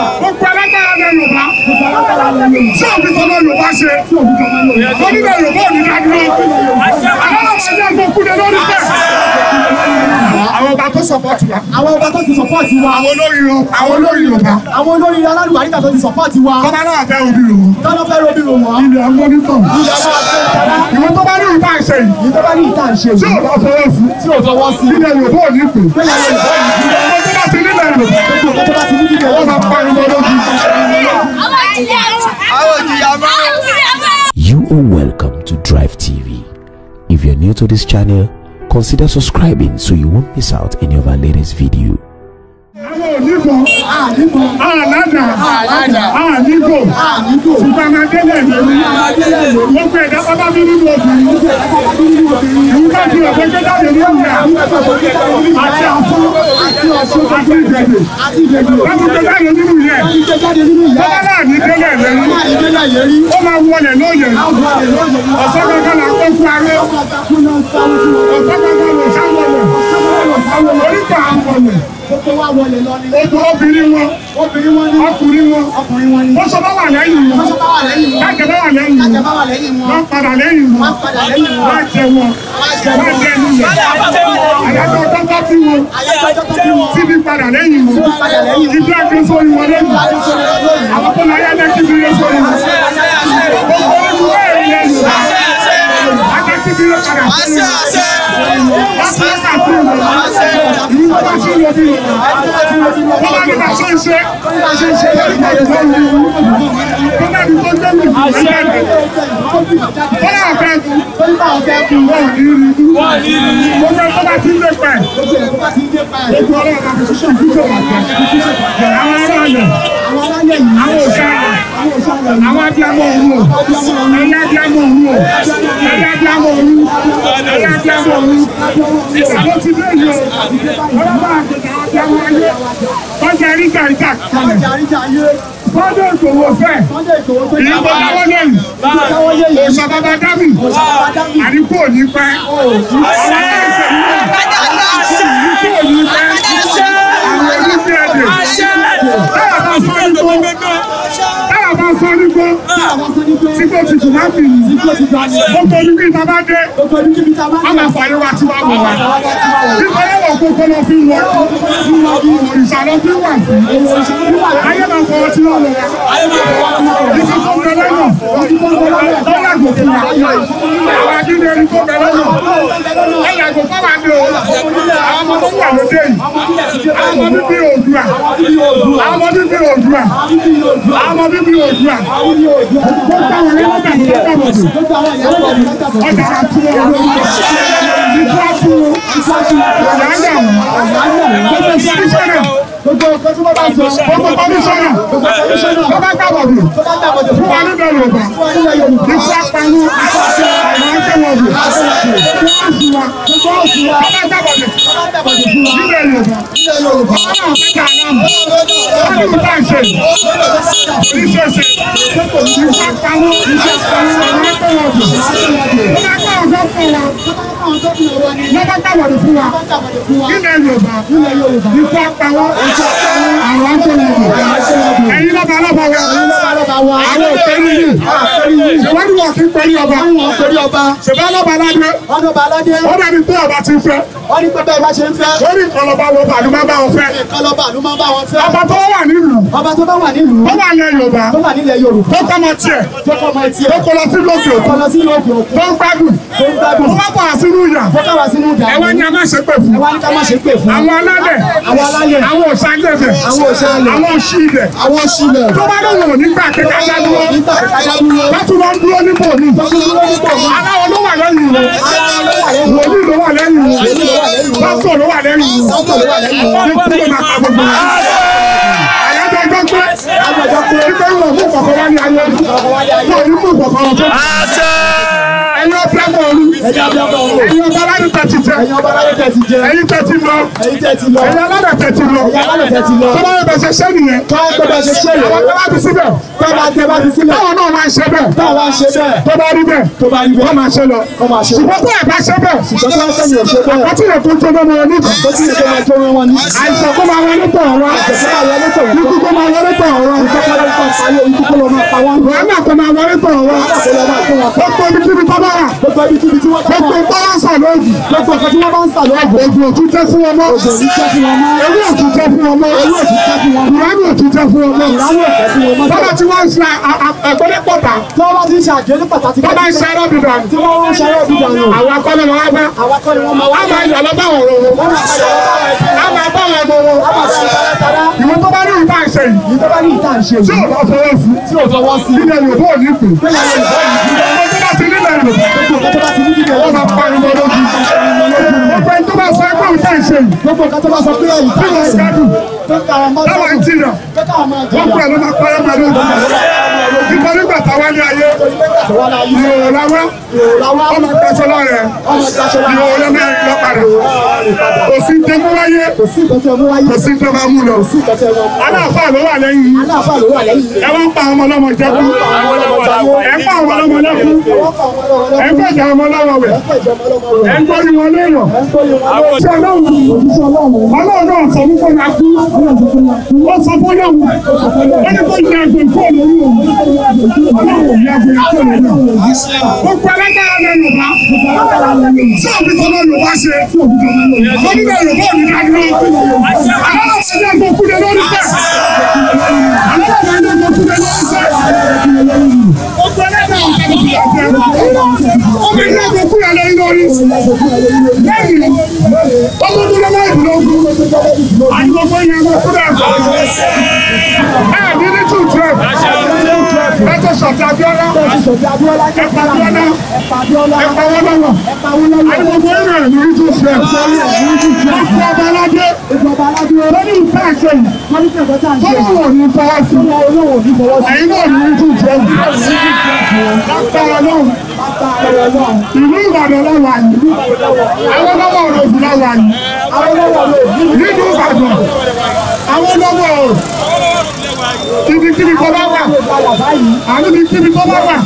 Gbogbo alágbára lẹ Yorùbá. Tí òbí tọ́lá Yorùbá ṣe, onílẹ̀ Yorùbá ò ní dádúró. Àlọ́lọ́wọ́ ẹ̀jẹ̀ gbogbo kúndé lórí bẹ́ẹ̀. Àwọn ọba tó sọ̀pọ̀tì wa. Àwọn ọba tó ti sọ̀pọ̀tì wa. Àwọn olórí àwọn olórí Yorùbá. Àwọn olórí alárùbá nígbà tó ti sọ̀pọ̀tì wa. Tọ́lá náà fẹ́ obi rò Tọ́lá fẹ́ obi rò wọ́n. Ilẹ̀ agbọ́dún tọ̀. Ilẹ̀ agbọ́dún tó bá ní ìta ìṣe yìí. Ìwọ tó bá ní ìta ìṣe yìí. Tí ò You are welcome to Drive TV. If you're new to this channel, consider subscribing so you won't miss out any of our latest video. onígbò aládà ànígò sùpàmàdélé lórí wọ́n pè ẹ̀dá bábá bí nínú obìnrin ìwú bá fi ọ̀pẹ tó jáde ní ìyá àti àfọ́ àti ìgbẹ̀dẹ̀ wọ́n fi tó jáde nínú yẹ bábá náà ní délẹ̀ lórí ó máa wọlé lóye ọ̀sán kankan là ń kó fún aré ọ̀sán kankan lò sáwọlẹ̀ oríkà àwọlẹ̀ gbogbo wa wọlé lọ ni. Ogun obìnrin wọn. Obìnrin wọn ni. Ọkùnrin wọn. Ọkùnrin wọn ni. Bọ́sọ̀ bá wà lẹ́yìn wọn. Bọ́sọ̀ bá wà lẹ́yìn wọn. Kájẹ bá wà lẹ́yìn wọn. Kájẹ bá wà lẹ́yìn wọn. Wọ́n padà lẹ́yìn wọn. Wọ́n padà lẹ́yìn wọn. Wọ́n jẹ wọn. Wọ́n jẹ wọn. Àyájọ́ ọjọ́ tó bí wọn. Àyájọ́ ọjọ́ tó bí wọn. Tíbi padà lẹ́yìn wọn. Tíbi padà lẹ́yìn wọn. Ìdí àgbẹ̀ sórí wọn lẹ́yìn. Àwọn tó lọ yá lẹ́kí bí yẹn sórí wọn. Gbogbo olùwẹ̀ yẹn lọ fi ló àwọn aráàlú àwọn òṣèlú àwọn abiyamọ òru o ẹ̀yin abiyamọ òru o ẹ̀yin abiyamọ òru ẹ̀yin abiyamọ òru ìsàlọ ti bẹ́ẹ̀ yọ ọlọ́pàá àgbègbè àwọn abiyamọ ayé kọjá ríjà ríjà kalẹ̀ kọjá ìṣòwò fẹ́ ìyàbọ dáwọ́ lẹ́yìn òṣàbàbà dábì àdínkù òní pẹ́ ọlọ́pàá ìṣòwò. sígbó ti tù má fi yìí gbogbo ojú kí bàbá dé àmà fàyè wa ti wá wọ̀ wá nípa yẹn wọ̀ kókó lọ fi wọ̀ òrìṣà fi wà fún ayé máa fọwọ́ tí wọ́n lọ wá ibi tó ń bẹ lọ́nà tó yàgò fún wa àwọn akíndé ẹni tó bẹ lọ́nà ẹ yàgò fún wa ní o àwọn ọmọ wà lóde yìí àwọn ọmọ bíbí ọmọ bíbí òdua tó táwọn lẹ́wọ́n bẹ̀ tó táwọn jù ọjà àti ọ̀rọ̀ ìfọ́ fún ọ̀làǹdà gbogbo sísẹ́nà gbogbo kọmíṣánná tó bá táwọn jù fún wa nílẹ̀ Yorùbá ìfọ́ pẹ̀lú ìfọ́ pẹ̀lú ọ̀làǹdà wọ̀dù sí wa mo fọ́ sí wa alágbàbọ̀dẹ̀ alágbàbọ̀dẹ̀ sí wa nílẹ̀ Yorùbá nílẹ̀ Yorùbá ọlọ́run mẹ́ta aláàmù ọlọ́run tá à ń ṣe oníṣẹ́ṣe ìṣàpamọ́ ìṣàpamọ́ alágbàbọ̀dẹ̀ alágbàbọ̀dẹ̀ alágbàbọ̀dẹ̀ fún wa nílẹ̀ Yorùbá nílẹ̀ Yorùbá ìṣàpamọ́ ìṣàpamọ́ àwọn aṣọ Yorùbá ẹ̀yin lọ́ba lọ́ba wa ọba wa. àwọn òkèlú yìí àkèlú yìí. ṣèwọ́n ni wọ́n kí pẹ̀lú ọba. àwọn òkèlú ọba. ṣèwọ́n lọ́ba aládé. ọba aládé. ó dàbí pé ọba ti fẹ́ wọ́n ní pé bẹ́ẹ̀ bá ṣe ń fẹ́. sórí ìkọlọba wo bàlú máa bá wọn fẹ́. ìkọlọba àlú máa bá wọn fẹ́. ọba tó wà nílùú. ọba tó bá wà nílùú. tó wà nílẹ̀ Yorùbá. tó wà nílẹ̀ Yorùbá. tó kọ́ tiẹ̀. tó kọ́ tiẹ̀. tó kọ́ sí lókè òkun. kọ́ sí lókè òkun. tó ń gbádùn. tó ń gbádùn. tó bá bọ̀ wá sínú ìyà. tó bá wá sínú ìyà. ẹ wá ní ló wà lẹ́yìn mi pásítọ̀ ló wà lẹ́yìn mi pásítọ̀ ló wà lẹ́yìn mi kí kúló máa pa gbogbo wọn. àyájọ́ ẹgbẹ́ pé ẹgbẹ́ wọn mú kọ̀ọ̀kan wá ní ayé wọn ní mú kọ̀ọ̀kan wọn tó ẹ̀yin ọ̀pẹ́ mọ̀ ọ́rú ẹ̀yin ọba aládùn tẹ̀tì jẹ ẹ̀yin tẹ̀tì lọ ẹ̀yin aládà tẹ̀tì lọ tọ́lá yóò bẹ̀ ṣe ṣẹ́ nìyẹn tọ́lá yóò bẹ̀ ṣe ṣẹ́ nìyẹn àwọn tẹ́lá ti síbẹ̀ tọ́lá tẹ́lá ti síbẹ̀ táwọn náà máa ṣe bẹ́ẹ̀ táwọn ṣe bẹ́ẹ̀ tó bá rí bẹ́ẹ̀ tó bá rí bẹ́ẹ̀ wọ́n máa ṣe lọ ṣùgbọ́n tó ẹ̀ bá ṣe bẹ́ẹ̀ àkọsí rẹ̀ tó ń tọ́jú wọn ní àìsàn kó máa wọlé tọ̀ ọ̀rọ̀ ikú kó máa wọlé tọ̀ ọ̀rọ̀ ìkọ́kọ́ lọ́ọ́ máa pa gbogbo ibi kíbi tí wọ́n bá gbogbo bá ń sà lóògùn gbogbo nǹkan tí wọ́n bá ń sà lóògùn oògùn òtún jẹ́ fún wọn mọ́ oògùn òtún jẹ́ fún wọn mọ́ ewé òtún jẹ́ fún wọn mọ́ ewé òtún jẹ́ fún wọn mọ́ ìránù òtún jẹ́ fún wọn mọ́ ìránù òtún jẹ́ fún wọn mọ́ bọ́lá tí wọ́n ń ṣe àgbélé pọ̀tà bọ́lá tí ń ṣe àgbélé pọ̀tà tí wọ́n bá ń ṣe arọ́ bìdàn tí wọ́n bá ń ṣe arọ́ bìdàn àwọn akọ́ni wọn wá àwọn akọ́ni wọn máa wá máa yọ lọ́bàá ọ̀rọ̀ wọn á máa bá wọn mọ wọn á máa ṣe ìwọ tó bá ní ìta ṣe yìí tí ò lọ fọwọ́ sí tí ò lọ fọwọ́ sí nílẹ̀ Yorùbá ò ní pè é ti nílẹ̀ lò gbogbo nǹkan tó bá ti ní nílẹ̀ lọ́wọ́ pa ìwọ lójú gbogbo ẹni tó bá sọ ẹgbẹ́ òun tẹ̀ ṣe yìí gbogbo nǹkan tó bá sọ pé ẹ̀yìn tó ń gbádùn táwọn ń jìnnà wọ́n pẹ̀ ló máa pẹ́rẹ́ máa lójú nípa nígbà táwa ní ayé ìhòòhò làwọn ọmọ ìgbàsọ lọ́rẹ̀ ìhòòhò lọ́mọ ìlọ́pàdà kò sí dẹ́mú wáyé kò sí dẹ́mú amú lọ aláàfáà ló wà lẹ́yìn ẹ wọ́n pa ọmọ ọlọ́mọ jẹ́kú ẹ̀kọ́ àwọn ọmọ lọ́kú ẹ̀kọ́ ìjà ọmọ lọ́wọ́ wẹ̀ ẹ̀kọ́ ni wọn ọlọ́run ọlọ́run sọ fún fún akú ó sọ fún ọlọ́run ó ní kó ní agbè kó òun ọlọ́run ní agbè kó lórí òun gbogbo alágbára lẹ́nu bá tí òbí tọ́lá Yorùbá ṣe lọ́dúnrún Yorùbá ò ní ká ọmọ ilé ẹgbẹ́ kúrò alẹ́ lórí lẹ́yìn ọmọ tó lọ́wọ́ ìdúró àti gbogbo ìyẹn kúrò àgbà ètò sọ̀tì Abíọ́lá ètò sọ̀tì Abíọ́lá ẹ̀pà Abíọ́lá ẹ̀pà Abíọ́lá ẹ̀pà Awólọ́wọ̀ ẹ̀pà Awólọ́wọ̀ àgbègbè ìrìn àjò ìjù tiẹ̀ ìjọba aládé ìjọba aládé lórí ìfẹ́ àṣẹ yìí lórí ìfẹ́ àṣẹ yìí olówó ní fọwọ́ sí olówó ní fọwọ́ sí ẹ̀yin náà ní ìjù tiẹ̀ ìlú Ìbàdàn lọ́wọ́ àyè Awólọ́wọ̀ olóògùn lọ́wọ́ àyè Awólọ́wọ̀ olóògùn nínú Ìbàdàn Awólọ́wọ̀ ibi kiri kọ́ bá àní ní kíbi tó bá wà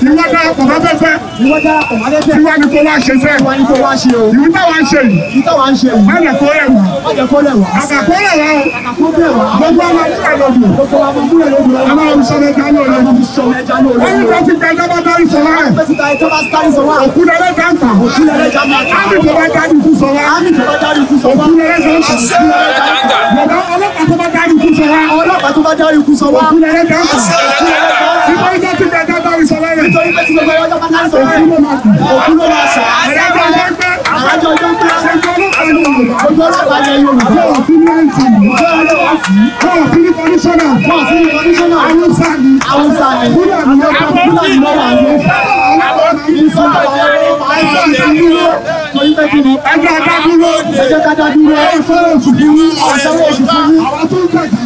ìwọ dáa kò má fẹ́fẹ́ tiwa ni kò wá ṣe fẹ́ ìwọ táwa ń ṣe yìí má lè kó rẹ̀ wá àkàkó rẹ̀ wá o gbogbo ọmọ nígbà lọ́dún ọmọ ìṣọ̀lẹ̀ jáde olè ẹni tó ti gbẹ ẹjọba dárí sọ̀rọ̀ rẹ̀ òkúlẹ̀lẹ̀ dáńtà ámì tó bá dárí kú sọ̀rọ̀ òkúlẹ̀lẹ̀ dáńtà ọlọ́pàá tó bá dárí kú sọ̀rọ̀ òkúlẹ̀lẹ̀ dáńtà dákun ìbọn ìjọ ti gbẹ dábà ìsọlẹ rẹ. nítorí pé tí gbogbo ẹ̀rọ ọjọ́ pátá ìsọlẹ rẹ òkú ló máa sọ àṣẹjọ ọjọ́ pé àṣẹjọ ọjọ́ pé àṣẹjọ ọlọ́pàá ni Yorùbá ojú ọlọ́pàá ni Yorùbá kó o fi ní ẹntì kó o lọ kó o fi ní kọmíṣánná kó o fi ní kọmíṣánná awúsá ni awúsá ni fúlàní lọ́wọ́ fúlàní lọ́wọ́ àyè ìsọ̀tọ̀ ọ̀rọ̀ máa ń ẹjọ́ kájá dúró ẹjọ́ kájá dúró ẹ̀fọ́ oṣù kìíní ọ̀sẹ̀ oṣù kìíní àwọn tó ń gbàgbé.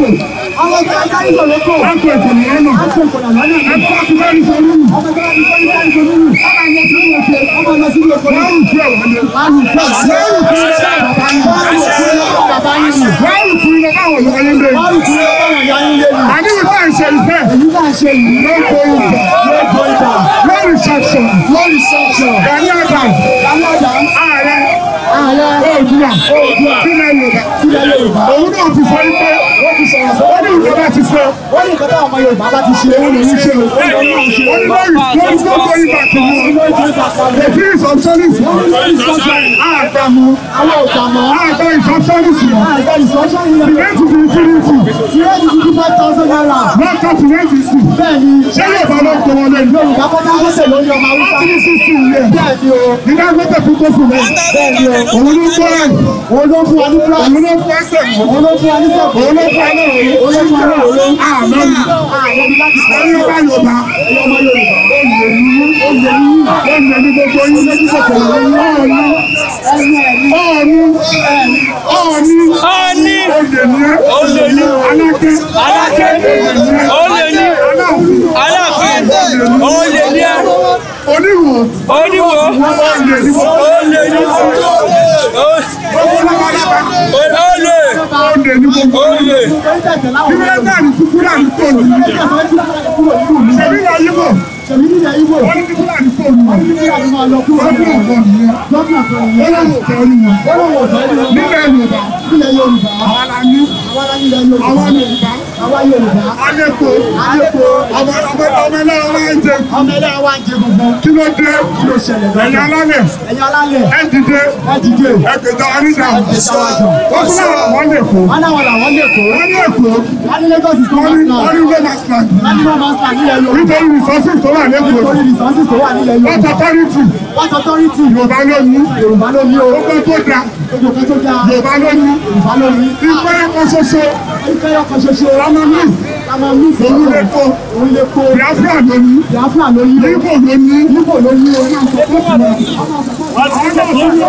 lóko. Àwọn ọjà ìdárí sọ lóko. Akọ ẹ̀kọ́ ni ẹnu. Akọ ẹ̀kọ́ làwọn ẹ̀nu. Akọ akọ̀bá ní sọ lóru. Akọ̀bá ní sọ lóru. Ọmọ ẹ̀yẹ sí ilé ọ̀kẹ́. Ọmọ ẹ̀yẹ sí ilé ọ̀kẹ́. Wọ́n rù fún ẹ̀wọ̀n ni. Wọ́n rù fún ẹ̀wọ̀n bàbá yín ni. Wọ́n rù fún ilé báwọn ọ̀yọ́ yín lé. Wọ́n rù fún ilé báwọn ọ̀yọ́ yín lé. Àníwò bá ń ṣe ìfẹ́. Èyí bá ń ṣe yìí. Ló ń wọ́n ní nǹkan bá ti sọ wọ́n ní nǹkan táwọn ọmọ Yorùbá bá ti ṣe wọ́n ní ṣe o going back to you the free is obsolete wọ́n ní lórí sọ́sọ́rì àgbàmú àwọn òkàmọ́ àgbà ìsọ́sọ́rìsì àgbà ìsọ́sọ́rìsì ìrètí ti tìrìtì ìrètí ti ti five thousand naira lọ́kọ̀ ti rẹ́ẹ̀tì sí bẹ́ẹ̀ni ṣé Yorùbá ló ń kọ́ wọn lẹ́nu Yorùbá kọ́ ní ọ̀sẹ̀ lórí ọmọ awúsá tí ní sí sí ilé bẹ́ẹ̀ni o nígbà gbọ́dọ̀ fún kófù rẹ̀ bẹ́ẹ̀ni o òun ló ń kọ́ ẹ̀ òun ló ń fún wa ní orúkọ náà ló àmọ́ olúbalùbà olùyẹ̀mí olùyẹ̀mí gbogbo yín lójú kòkòrò ọ̀ọ́nù ọ̀ọ́nù ọ̀ọ́nù ọ̀ọ́nù olùyẹ̀mí olùyẹ̀mí alákẹ́ alákẹ́ olùyẹ̀mí aláfẹ́ olùyẹ̀mí oníwò oníwò olùyẹ̀mí olùyẹ̀mí olùyẹ̀mí olùyẹ̀mí olè ní gbogbo olè kírẹ́tà ní fúlàní fóònù ṣèbí ilẹ̀ yíbò wọ́n ní fúlàní fóònù wọ́n ní fúlàní fóònù yẹn ọlọ́wọ́ tẹ́ ọ́nù wọn nílẹ̀ Yorùbá àwọn ni Yorùbá àwa Yorùbá. Alẹ́po Alẹ́po ọmọ ọmọ ọmọ ẹlẹ́ra wa ń jẹ. Ọmọ ẹlẹ́ra wa ń jẹ gbogbo. Kí ló dé? Kí ló ṣẹlẹ̀ lọ́dọ̀? Ẹ̀yin alálẹ̀. Ẹ̀yin alálẹ̀. Ẹ dìde. Ẹ dìde. Ẹ gbèjà wa níjà. Ẹ gbèjà wa jọ. Wọ́n tún náà wọ́n lè kó. Wọ́n náà wọ́n làwọn lè kó. Wọ́n lè kó. Wọ́n ní Lagos is no man's land. Wọ́n ní Lagos land. Wọ́n ní Lagos land nílẹ̀ Yorùbá. Nítorí resources tó wà lẹ́kọ̀ọ́. Nítorí resources tó wà nílẹ̀ Yorùbá. What authority? What authority? Yorùbá ló ní. Yorùbá ló ní o. Ó gbọ́ tó da. Yorùbá ló ní. Yorùbá ló ní. Ìpẹ́rẹ́ kan ṣoṣo ìkẹyọ kan ṣoṣo òun lè po Biafra ló ní Igbo ló ní Igbo ló ní ọmọ ọmọ tó ní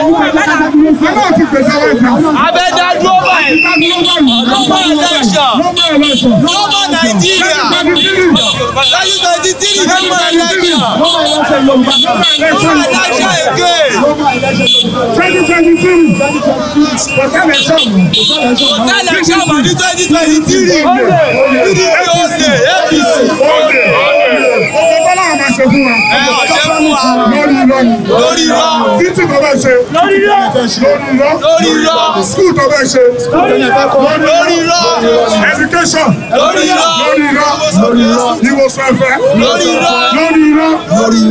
ọmọ ọmọ ti pèsè ọmọ abẹ́dá dúró báyìí ọmọ ẹlẹ́ṣọ̀ ọmọ Nàìjíríà láyé twenty three ló máa lájà ló máa lájà èké. twenty twenty three kò sálẹ̀ sọ̀mù kò sálẹ̀ sọ̀mù ní twenty twenty three pdp ọ̀sẹ̀ apc ṣe fún wa lórí irọ́ ni lórí irọ́ títì tó bẹ́ẹ̀ ṣe lórí irọ́ lórí irọ́ skul tó bẹ́ẹ̀ ṣe lórí irọ́ education lórí irọ́ lórí irọ́ ìwòsàn ẹ̀fẹ̀ lórí irọ́ lórí irọ́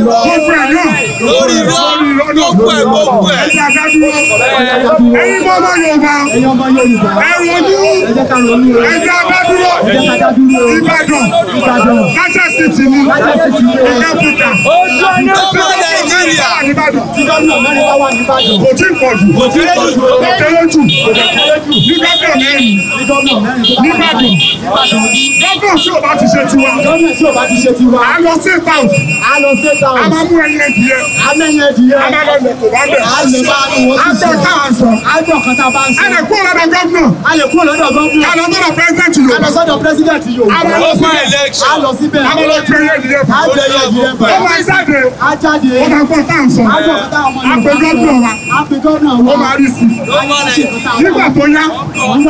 gbogbo ẹ̀ náà lórí irọ́ gbogbo ẹ̀ gbogbo ẹ̀. ẹ̀yin àgbàdo ẹ̀yin bọ́lá Yorùbá ẹ̀wọ̀n ní ẹ̀jẹ̀ àgbàdo Ìbàdàn Niger City ni ìjẹ́pọ̀. Oh, Ojú ayé nàìjíríà tí gómìnà mẹ́rin bá wà nìbàdàn kò tí ì pọ̀ kò tí ì pọ̀ kò kéré jù ní gómìnà mẹ́rin nìbàdàn gómìnà tí ò bá ti ṣe tiwa gómìnà tí ò bá ti ṣe tiwa a lọ sí town a lọ sí town a máa mú ẹyin ẹdìyẹ a mẹ́yìn ẹdìyẹ a máa lọ lẹ̀ kó bẹ̀ a lè bá wọn tó sọ a sọ a jọ kọta bá ń sọ a lè kó lọ́dọ̀ gómìnà a lè kó lọ́dọ̀ gómìnà àtàkùn àtàǹsọ̀ àpègọ́dùn wa ó máa rí sí i nígbà tó yá wọ́n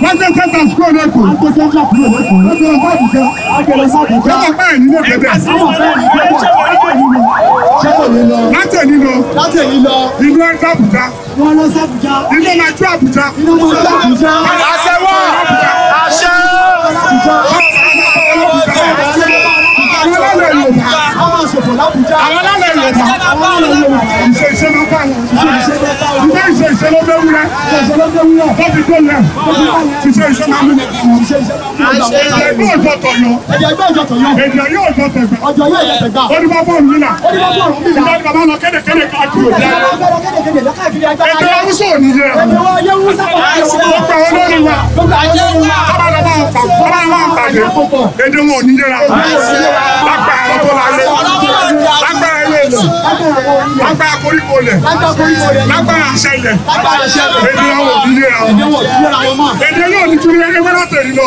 gbé sẹ́ńtà kúrò lẹ́kọ̀ọ́ wọ́n gbé sẹ́ńtà kúrò lẹ́kọ̀ọ́ wọ́n gbé sẹ́ńtà kúrò lẹ́kọ̀ọ́ wọ́n gbé sẹ́ńtà kúrò lẹ́kọ̀ọ́ wọ́n gbé sẹ́ńtà kúrò lẹ́kọ̀ọ́ láti èyí lọ láti èyí lọ ìlú ẹ̀ sábùjá wọn lọ sábùjá ìlú máa jó àbújá ìlú máa jó àbújá àṣẹ wà àṣẹ ìta àwọn ṣòfò lábújá ìṣẹ̀lọ́gbẹ́ wúrẹ́ ìṣẹ̀lọ́gbẹ́ wúrẹ́ láti tó lẹ̀ ṣiṣẹ́ iṣẹ́ máa mú ẹgbẹ́ òjò tọ̀yọ̀ ẹgbẹ́ òjò tọ̀yọ̀ ẹgbẹ́ yóò jọ tẹ̀gbẹ́ ọjọ́ yóò jọ tẹ̀gbẹ́ onímọ̀ bọ́ọ̀lù nílà onímọ̀ bọ́ọ̀lù nílà ìgbà máa lọ kẹ́lẹ̀kẹ́lẹ̀ káàkiri ẹgbẹ́ awúsọ òní yẹ ọgbà olórí wa ọgbà àwọn pàdé èdè wọn ò ní yẹra lápá àwọn tó lálẹ́ lápá lágbára koríko lẹ̀ lágbára àṣẹ ilẹ̀ èdè àwọn òbí lé èdè yóò ní kiri ẹgbẹ́ látẹ̀rí lọ.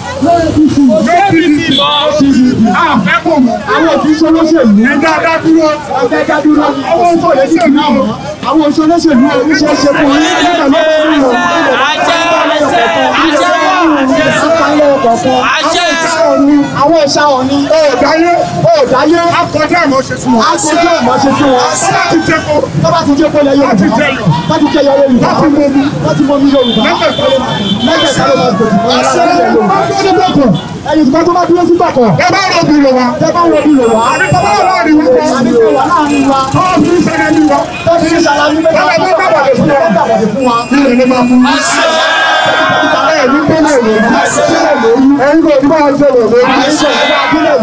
APC mọ́ àfẹ́ kò mọ́ àwọn òfin sọlọ́sẹ̀lú ẹ dáadáa dúró ẹ dáadáa dúró àwọn òfin sọlọ́sẹ̀lú àwọn òfin sọlọ́sẹ̀lú ẹ ń ṣe é ṣe fún yín nígbà lọ́wọ́ òòṣà òní. òòdáyé òòdáyé. akọjá àmọ́ ṣe fún wọn. akọjá àmọ́ ṣe fún wọn. láti jẹ kó. tó bá ti jẹ kó lẹ Yorùbá. láti jẹ yọ. láti jẹ yọ Yorùbá. láti mọ mi. láti mọ mi Yorùbá. mẹ́tẹ̀ẹ̀ta ló máa gbòdì. àṣẹ ló máa gbòdì ẹ̀yìn kan tó bá dúró sí pàkọ́. ẹ bá rọ bí lò wá. ẹ bá rọ bí lò wá. àdìpọ̀ bá wà láàrin wa. àdìpọ̀ wà láàrin wa. tó o fi sẹ́yìn ní wa. tó o fi sàlàyé mẹ́ta. tó o fi bàbàdé fún wa. ìrìn ni máa mú. àṣẹ ẹ̀mí gbélé lórí ẹ̀mí kò ní máa jẹ̀rọ̀ lórí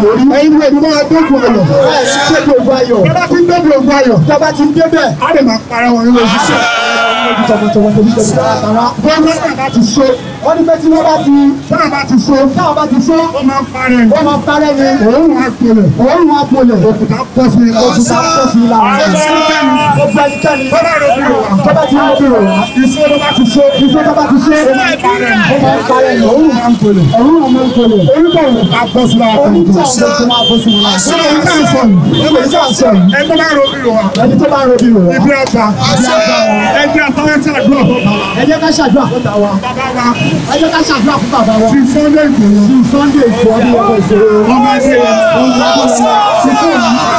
mórí. ẹ̀yin wo ìdúgbò wa dógùn ayọ̀ ṣé dógùn ayọ̀ bàbá ti ń dé dógùn ayọ̀ bàbá ti ń dé bẹ́ẹ̀ á lè máa para wọn lórí ṣiṣẹ́. bọ́lá bá ti so. wọ́n ní pé tí wọ́n bá ti. táwọn bá ti so. táwọn bá ti so. ó máa parẹ́ ni. ó máa parẹ́ ni. òórùn apolẹ̀. òórùn apolẹ̀. òkúta pọ̀ sí i. òkúta pọ̀ sí i la. bọ́lá ti ń bí rò wá. ìṣó ló bá ti so. ìṣó ló bá ti so. ó máa parẹ́ ni. òórùn máa ń polẹ̀. òórùn máa ń polẹ̀. orúkọ òkúta pọ̀ sí i la ọmọ tó máa fọ́sùn wọn. ṣé o ní sọ ẹgbẹ́ ìṣe àṣọ yìí. ẹni tó bá ń robi rò wá. ẹni tó bá ń robi rò wá. ibi ọba. ẹ jẹ́ afárá ṣàdúrà fún bàbá. ẹ jẹ́ ká ṣàdúrà fún bàbá wa. bàbá wa. ẹ jẹ́ ká ṣàdúrà fún bàbá wa. ti Sunday Igboho. ti Sunday Igboho ọmọ ìṣòro. ọmọ ìṣòro. ọmọ ìṣòro.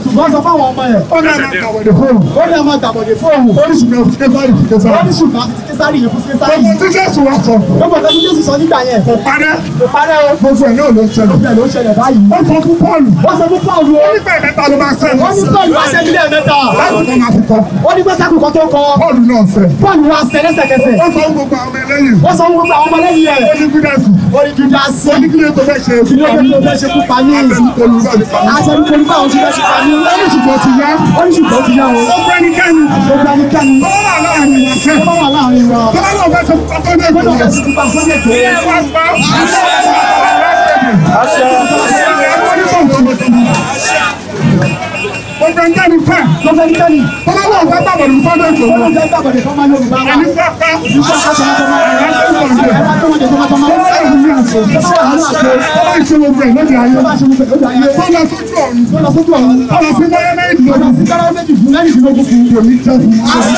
ṣùgbọ́n sọ fáwọn ọmọ yẹn. ó ní àmà tàbọ̀dé fóònù. ó ní àmà tàbọ̀dé fóònù. oríṣìí náà fi késàrì fi késàrì. oríṣìí náà fi késàrì yẹn fún késàrì. gbogbo tí jésù wá sọ. gbogbo tí jésù sọ nígbà yẹn. kò parẹ́. kò parẹ́ o. gbogbo ẹ̀ náà ló ń ṣẹlẹ̀. gbogbo ẹ̀ ló ń ṣẹlẹ̀ báyìí. ó sọ fún Pọ́ọ̀lù. ó sọ fún Pọ́ọ̀lù o. ó ní bẹ́ẹ̀ mẹ́ta ló máa sẹ́nu. ó ní Pọ́ọ̀lù máa sẹ́nu lẹ́ẹ̀mẹ́ta. báwo ló máa fi kọ́. ó ní pẹ́ sákòókò tó kọ. Pọ́ọ̀lù náà sẹ́. Pọ́ọ̀lù wa sẹ́ lẹ́sẹ̀kẹsẹ̀. ó sọ gbogbo àwọn ọmọ ẹlẹ́yìn. ó sọ gbogbo àwọn ọmọ ẹlẹ́yìn rẹ̀. ó ní Júdásì. ó ní Júdásì. ó ní kílódé tó fẹ́ ṣe. kílódé tó fẹ́ ṣe kú pa oníṣùgbọ́n ti yá oníṣùgbọ́n ti yá o. ọgbẹnikẹni ọgbẹnikẹni bọ́lá láàrin wa fẹ́ bọ́lá láàrin wa. bọ́lá náà bẹ́ẹ̀ sọ fún ọgbẹ́ni ẹgbẹ́ náà bẹ́ẹ̀ sọ fún ọgbẹ́ni ẹgbẹ́ náà. ọ̀gbẹ́ntẹ́ni fẹ́ ọ̀gbẹ́ntẹ́ni tọ́lọ́wọ́ ọ̀gbẹ́ gbàgbọ́dọ̀ fọ́dọ̀ ìṣòro ọ̀gbẹ́ gbàgbọ́dọ̀ fọ́mọ yóò bá wà. ànífẹ́ fẹ́ ìṣòro rẹ̀ lóde ayé tọ́lọ́ sójú ọ̀run tọ́lọ́ sójú ọ̀run tọ́lọ́ sí mọ́yẹ́ mẹ́rìndínlógún tọ́lọ́ sí kárọ́ méjì fún mẹ́rìndínlógún fún òní jẹ́ fún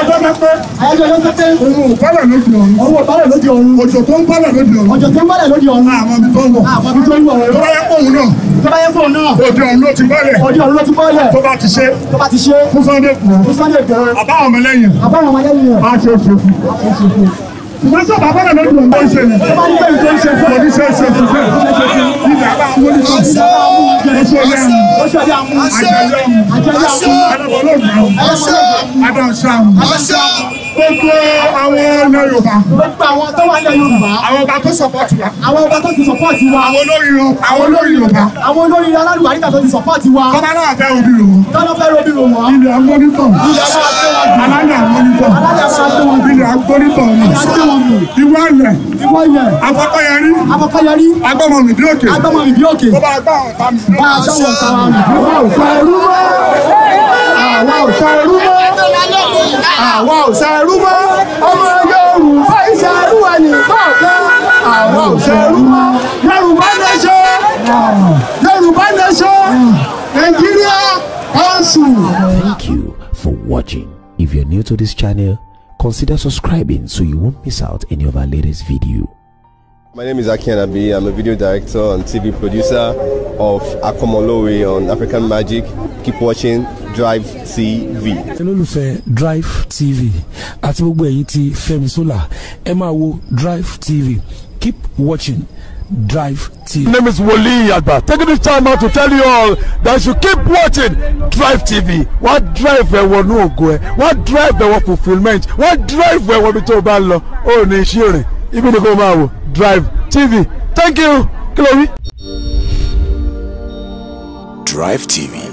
ẹjọ́ tó ń pẹ́ ẹjọ́ tó ń tó ń bọ́lẹ̀ lójú ọ̀run àwọn ibi tó ń bọ̀ àwọn ibi tó ń bọ̀ tó bá yẹ fóun náà tó bá fóun náà òjò ọ̀run ló ti bọ́lẹ̀ òjò ọ̀run ló ti bọ́lẹ̀ tó bá ti ṣe tó bá ti ṣe fún Sunday kùn fún Sunday kùn àbáwọn ọmọ lẹ́yìn àbáwọn ọmọ lẹ́yìn ṣùgbọ́n tí ọba bọ́lá lórí ọ̀nà ìṣe ni lórí tó ń ṣe fún ọdún ṣe ṣe fún fún ìgbà bá àwọn olùkọ́ oṣù ọdẹ àmú àjẹlẹ àmú àjẹlẹ àmú alábọ̀lọ́ọ̀mù àmú adáṣà àmú gbogbo àwọn ọ̀nà yorùbá. gbogbo àwọn tó wà ní yorùbá. àwọn ọba tó sọpọ́ọ̀tì wa. àwọn ọba tó ti sọpọ́ọ̀tì wa. àwọn olórí àwọn olórí yorùbá. àwọn olórí alárùbá nígbà tó ti sọpọ́ọ̀tì wa. kọ́má náà fẹ́ obi rò wọ́n. tọ́lá fẹ́ obi rò wọ́n. ilẹ̀ agbọ́nítọ̀. ilẹ̀ agbọ́nítọ̀ àforífọ̀mù ìwọ ẹ̀yẹ afọkọyẹrí agbọmọ mi bí òkè tó bá gbà ọ̀tá mi. bá a sọ mi. àwa ò ẹrú mọ́ àwa ò ẹrú mọ́ àwa ò ẹrú mọ́ ọmọ Yorùbá iṣẹ́ ẹrú wa ní báàkẹ́ àwa ò ẹrú mọ́ Yorùbá nation Yorùbá nation Nigeria council. Thank you for watching. If you're new to this channel, consider subscribing so you won't miss out any of our latest video. My name is Akian Anabi. I'm a video director and TV producer of Akomolowe on African Magic. Keep watching Drive TV. Hello, Drive TV àti gbogbo iti femisola. Fẹ́mi Drive TV keep watching. Drive TV. My name is Wole Yagba. Taking this time out to tell you all that you keep watching Drive TV. Wọ́n drive ẹ̀wọ̀ ní ògo ẹ̀, wọ́n drive ẹ̀wọ̀ fulfilment, wọ́n drive ẹ̀wọ̀ bí tó o bá lọ, ó ní iṣẹ́ rìn, ibi ni kò máa wò Drive TV. Thank you, Chloe. Drive TV